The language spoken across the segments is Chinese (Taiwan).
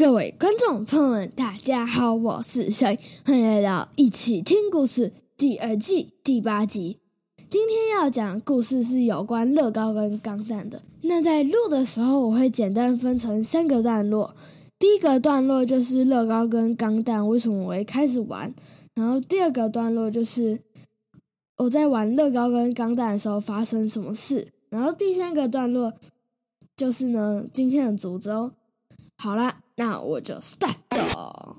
各位觀眾朋友們，大家好，我是小穎，歡迎來到一起聽故事第二季第八集。今天要講故事是有關樂高跟鋼彈的。那在錄的時候，我會簡單分成三個段落。第一個段落就是樂高跟鋼彈為什麼我會開始玩，然後第二個段落就是我在玩樂高跟鋼彈的時候發生什麼事，然後第三個段落就是呢今天的主角、哦。好啦，那我就 start 了哦。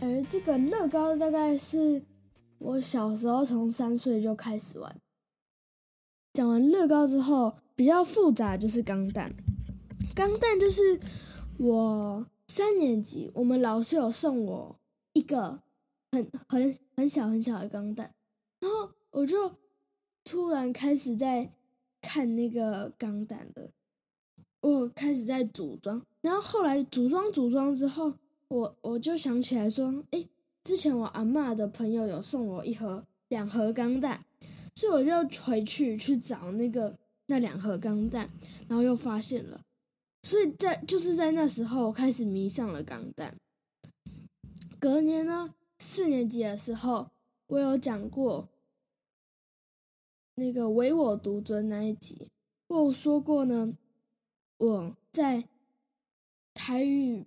而這個樂高大概是我小時候從三歲就開始玩。講完樂高之後，比較複雜就是鋼彈，鋼彈就是我。三年級，我們老師有送我一個很很很小很小的鋼彈，然後我就突然開始在看那個鋼彈了。我開始在組裝，然後後來組裝組裝之後，我我就想起來說，哎、欸，之前我阿嬤的朋友有送我一盒兩盒鋼彈，所以我就回去去找那個那兩盒鋼彈，然後又發現了。所以在就是在那時候，我開始迷上了鋼彈。隔年呢，四年級的時候，我有講過那個“唯我獨尊”那一集。我有說過呢，我在台語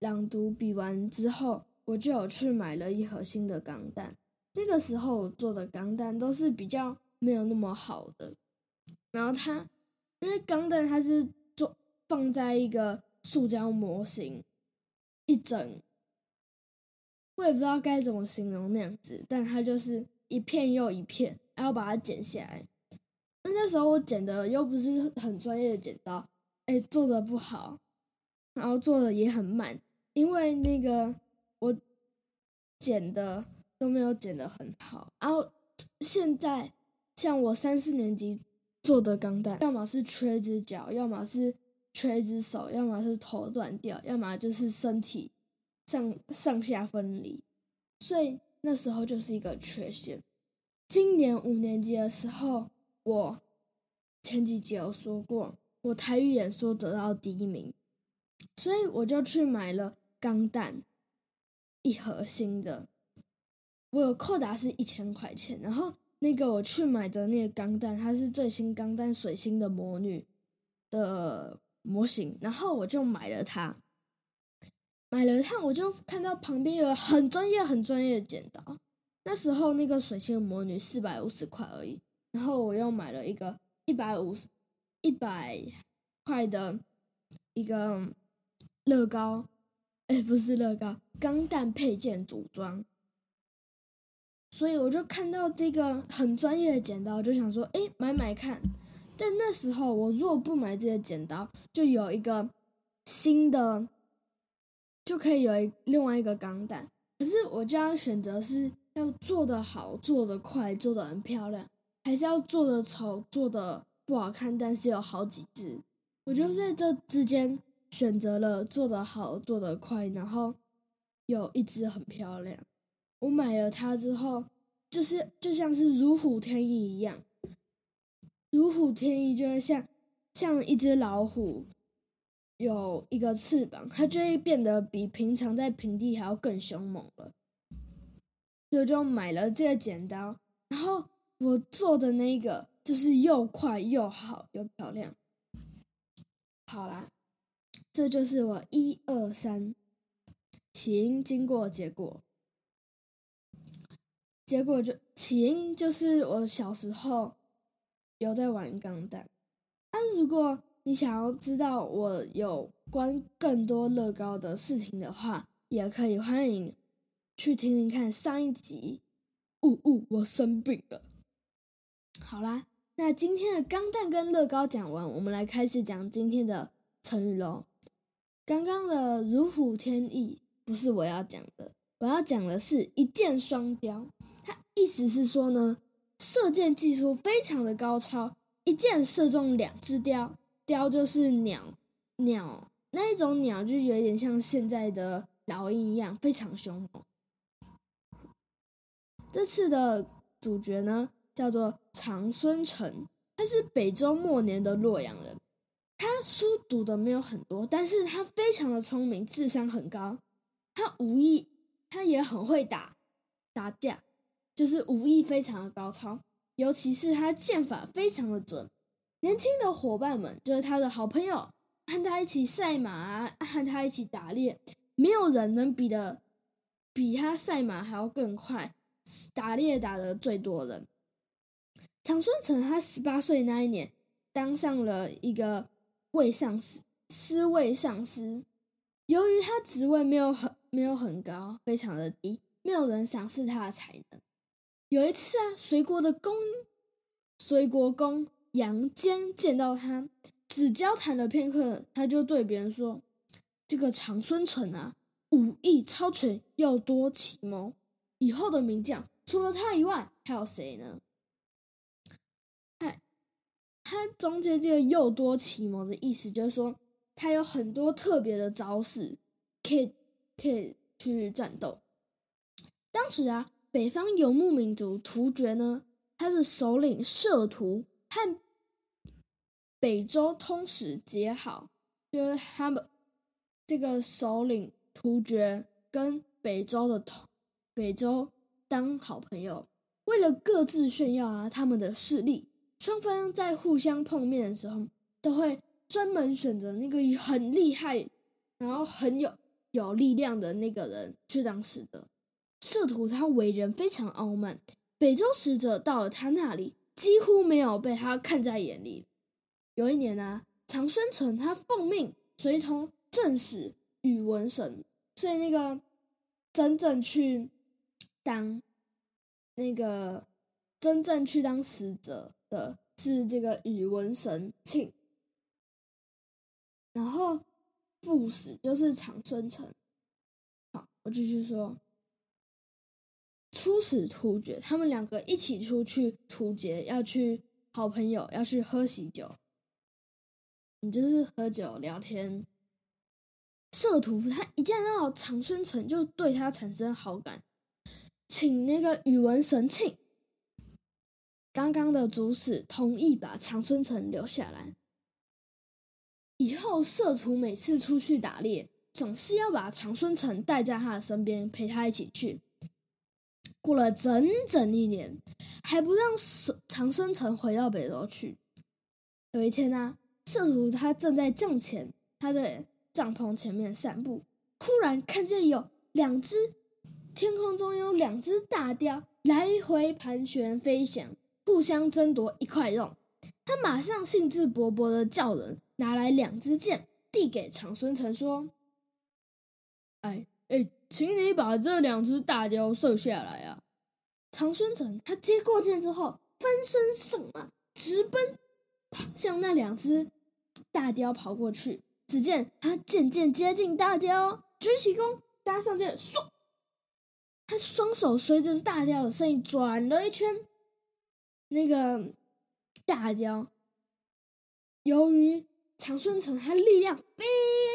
朗讀比完之後，我就有去買了一盒新的鋼彈。那個時候我做的鋼彈都是比較沒有那麼好的。然後他，因為鋼彈他是。放在一個塑膠模型一整，我也不知道該怎麼形容那樣子，但它就是一片又一片，然後把它剪下來。那那時候我剪的又不是很專業的剪刀，哎，做的不好，然後做的也很慢，因為那個我剪的都沒有剪得很好。然後現在像我三四年級做的鋼彈，要麼是缺隻角，要麼是。缺一隻手，要麼是頭斷掉，要麼就是身體上上下分離，所以那時候就是一個缺陷。今年五年級的時候，我前幾集有說過，我台語演說得到第一名，所以我就去買了鋼彈一盒新的，我有扣打是一千塊錢，然後那個我去買的那個鋼彈，它是最新鋼彈水星的魔女的。模型，然後我就買了它，買了它，我就看到旁邊有很專業、很專業的剪刀。那時候那個水星魔女四百五十塊而已，然後我又買了一個一百五十、一百塊的一個樂高，哎，不是樂高，鋼彈配件組裝。所以我就看到這個很專業的剪刀，就想說，哎，買買看。但那時候，我如果不買這些剪刀，就有一個新的，就可以有一另外一個鋼彈。可是我將要選擇是要做得好、做得快、做得很漂亮，還是要做得醜、做得不好看，但是有好幾隻。我就在這之間選擇了做得好、做得快，然後有一隻很漂亮。我買了它之後，就是就像是如虎添翼一樣。如虎添翼，就是像像一隻老虎，有一個翅膀，它就會變得比平常在平地還要更兇猛了。所以就買了這個剪刀，然後我做的那個就是又快又好又漂亮。好啦，這就是我一二三，起因、經過、結果，結果就起因就是我小時候。有在玩鋼彈、啊。如果你想要知道我有關更多樂高的事情的話，也可以歡迎去聽聽看上一集。嗚嗚、嗯嗯，我生病了。好啦，那今天的鋼彈跟樂高講完，我們來開始講今天的成語嘍。剛剛的如虎添翼不是我要講的，我要講的是一箭雙鵰。它意思是說呢。射箭技術非常的高超，一箭射中兩隻鵰。鵰就是鳥，鳥那一種鳥就有點像現在的老鷹一樣，非常兇猛。這次的主角呢，叫做長孫晟，他是北周末年的洛陽人。他書讀的沒有很多，但是他非常的聰明，智商很高。他武藝，他也很會打打架。就是武藝非常的高超，尤其是他箭法非常的準。年輕的夥伴們就是他的好朋友，和他一起賽馬，啊，和他一起打獵，沒有人能比的，比他賽馬還要更快，打獵打的最多人。長孫晟他十八歲那一年，當上了一個司衛上士，司衛上士。由於他職位沒有很沒有很高，非常的低，沒有人賞識他的才能。有一次啊，隋國的公，隋國公楊堅見到他，只交談了片刻，他就對別人說：“這個長孫晟啊，武藝超群又多奇謀，以後的名將除了他以外還有誰呢？”他他中間這個又多奇謀的意思，就是說他有很多特別的招式，可以可以去戰鬥。當時啊。北方游牧民族突厥呢，他的首領攝圖和北周通使結好，就是他們這個首領突厥跟北周的同北周當好朋友。為了各自炫耀啊他們的勢力，雙方在互相碰面的時候，都會專門選擇那個很厲害，然後很有有力量的那個人去當使者。攝圖他為人非常傲慢，北周使者到了他那裡，幾乎沒有被他看在眼裡。有一年呢、啊，長孫晟他奉命隨同正使宇文神，所以那個真正去當那個真正去當使者的是這個宇文神慶，然後副使就是長孫晟。好，我繼續說。出使突厥，他們兩個一起出去突厥，要去好朋友要去喝喜酒，你就是喝酒聊天。攝圖他一見到長孫晟就對他產生好感，請那個宇文神慶剛剛的主使同意把長孫晟留下來。以後攝圖每次出去打獵，總是要把長孫晟帶在他的身邊，陪他一起去。過了整整一年，還不讓長孫晟回到北周去。有一天呢、啊，攝圖他正在帳前，他在帳篷前面散步，忽然看見有兩隻天空中有兩隻大雕來回盤旋飛翔，互相爭奪一塊肉。他馬上興致勃勃的叫人拿來兩支箭，遞給長孫晟說：“哎哎。哎”請你把這兩只大雕射下來啊！長孫成他接過箭之後，翻身上馬，直奔向那兩只大雕跑過去。只見他漸漸接近大雕，舉起弓搭上箭，唰！他雙手隨着大雕的身影轉了一圈，那個大雕由於長孫成他力量非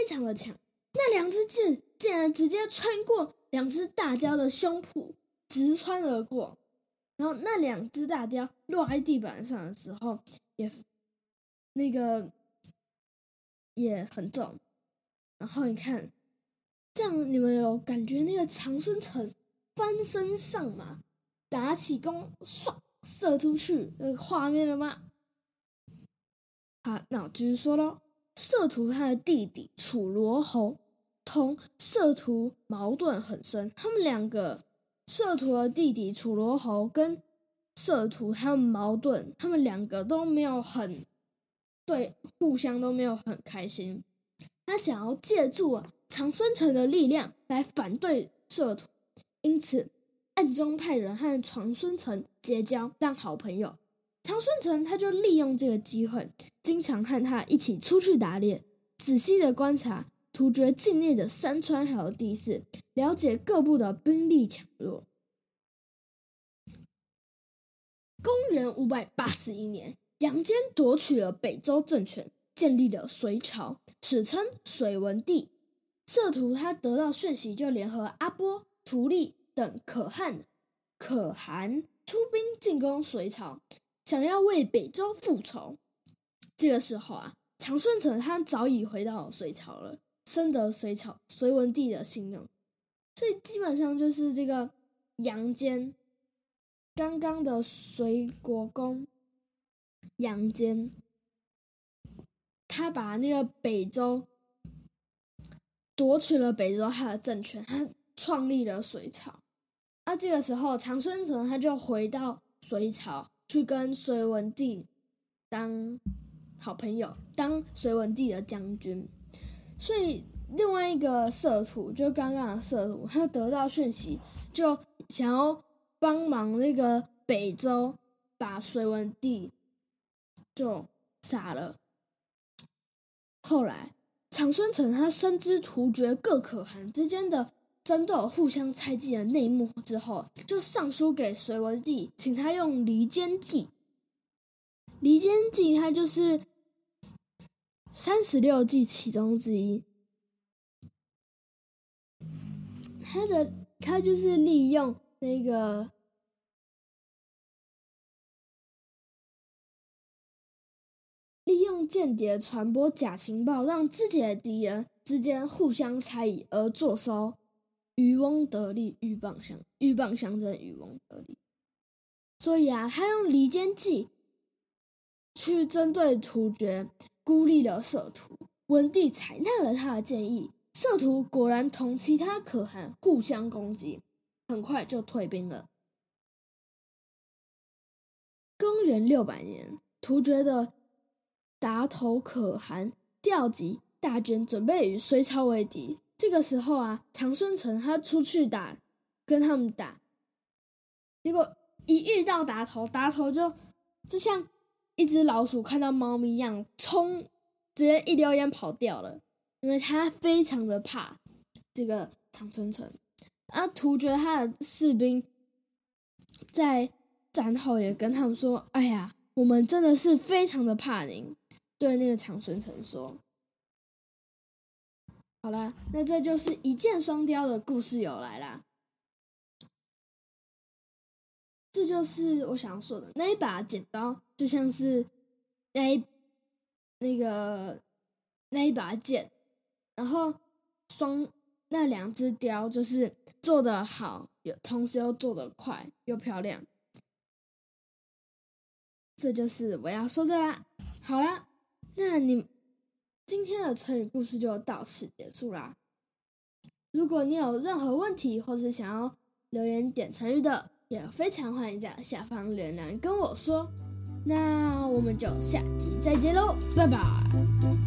常的強，那兩只箭，竟然直接穿過兩隻大雕的胸脯，直穿而過。然後那兩隻大雕落在地板上的時候，也那個也很重。然後你看，這樣你們有感覺那個長孫晟翻身上馬，打起弓，唰射出去那，這個畫面了嗎？好，那我繼續說嘍，攝圖他的弟弟處羅侯，同攝圖矛盾很深，他們兩個，攝圖的弟弟處羅侯跟攝圖他們矛盾，他們兩個都沒有很對，互相都沒有很開心。他想要借助、啊、長孫晟的力量來反對攝圖，因此暗中派人和長孫晟結交，當好朋友。長孫晟他就利用這個機會，經常和他一起出去打獵，仔細的觀察。突厥境內的山川和地勢，了解各部的兵力強弱。公元五百八十一年，楊堅奪取了北周政權，建立了隋朝，史稱隋文帝。攝圖他得到訊息，就聯合阿波、圖利等可汗，可汗出兵進攻隋朝，想要為北周復仇。這個時候啊，長孫晟他早已回到隋朝了。深得隋朝隋文帝的信任，所以基本上就是這個楊堅，剛剛的隋國公楊堅，他把那個北周奪取了北周他的政權，他創立了隋朝。那、啊、這個時候，長孫晟他就回到隋朝去跟隋文帝當好朋友，當隋文帝的將軍。所以，另外一個攝圖，就剛剛的攝圖，他得到訊息，就想要幫忙那個北周，把隋文帝就殺了。後來，長孫晟他深知突厥各可汗之間的爭鬥、互相猜忌的內幕之後，就上書給隋文帝，請他用離間計。離間計，他就是。三十六計其中之一，他的他就是利用那個利用間諜傳播假情報，讓自己的敵人之間互相猜疑，而坐收漁翁得利。鷸蚌相鷸蚌相爭，漁翁得利。所以啊，他用離間計去針對突厥。孤立了攝圖，文帝採納了他的建議。攝圖果然同其他可汗互相攻擊，很快就退兵了。公元六百年，突厥的達頭可汗調集大軍，準備與隋朝為敵。這個時候啊，長孫晟他出去打，跟他們打，結果一遇到達頭，達頭就就像一隻老鼠看到貓咪一樣衝，直接一溜煙跑掉了，因為它非常的怕這個長孫晟。啊突厥他的士兵在戰後也跟他們說：“哎呀，我們真的是非常的怕您。”對那個長孫晟說：“好啦，那這就是一箭雙鵰的故事由來啦。”這就是我想要說的那那、那個。那一把剪刀就像是那一那個那一把劍，然後雙那兩隻雕就是做得好，又同時又做得快又漂亮。這就是我要說的啦。好啦，那你今天的成語故事就到此結束啦。如果你有任何問題，或者是想要留言點成語的。也非常歡迎在下方留言跟我說，那我們就下集再見嘍，拜拜。